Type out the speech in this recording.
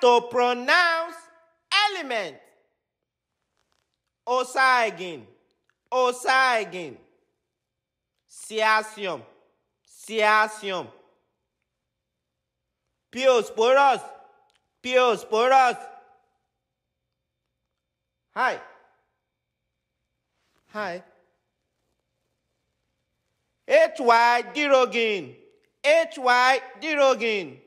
to pronounce element. Oxygen, oxygen, Ciasium, Ciasium. Piosporus, Piosporus. Hi. Hi. HY dirogin, HY dirogin.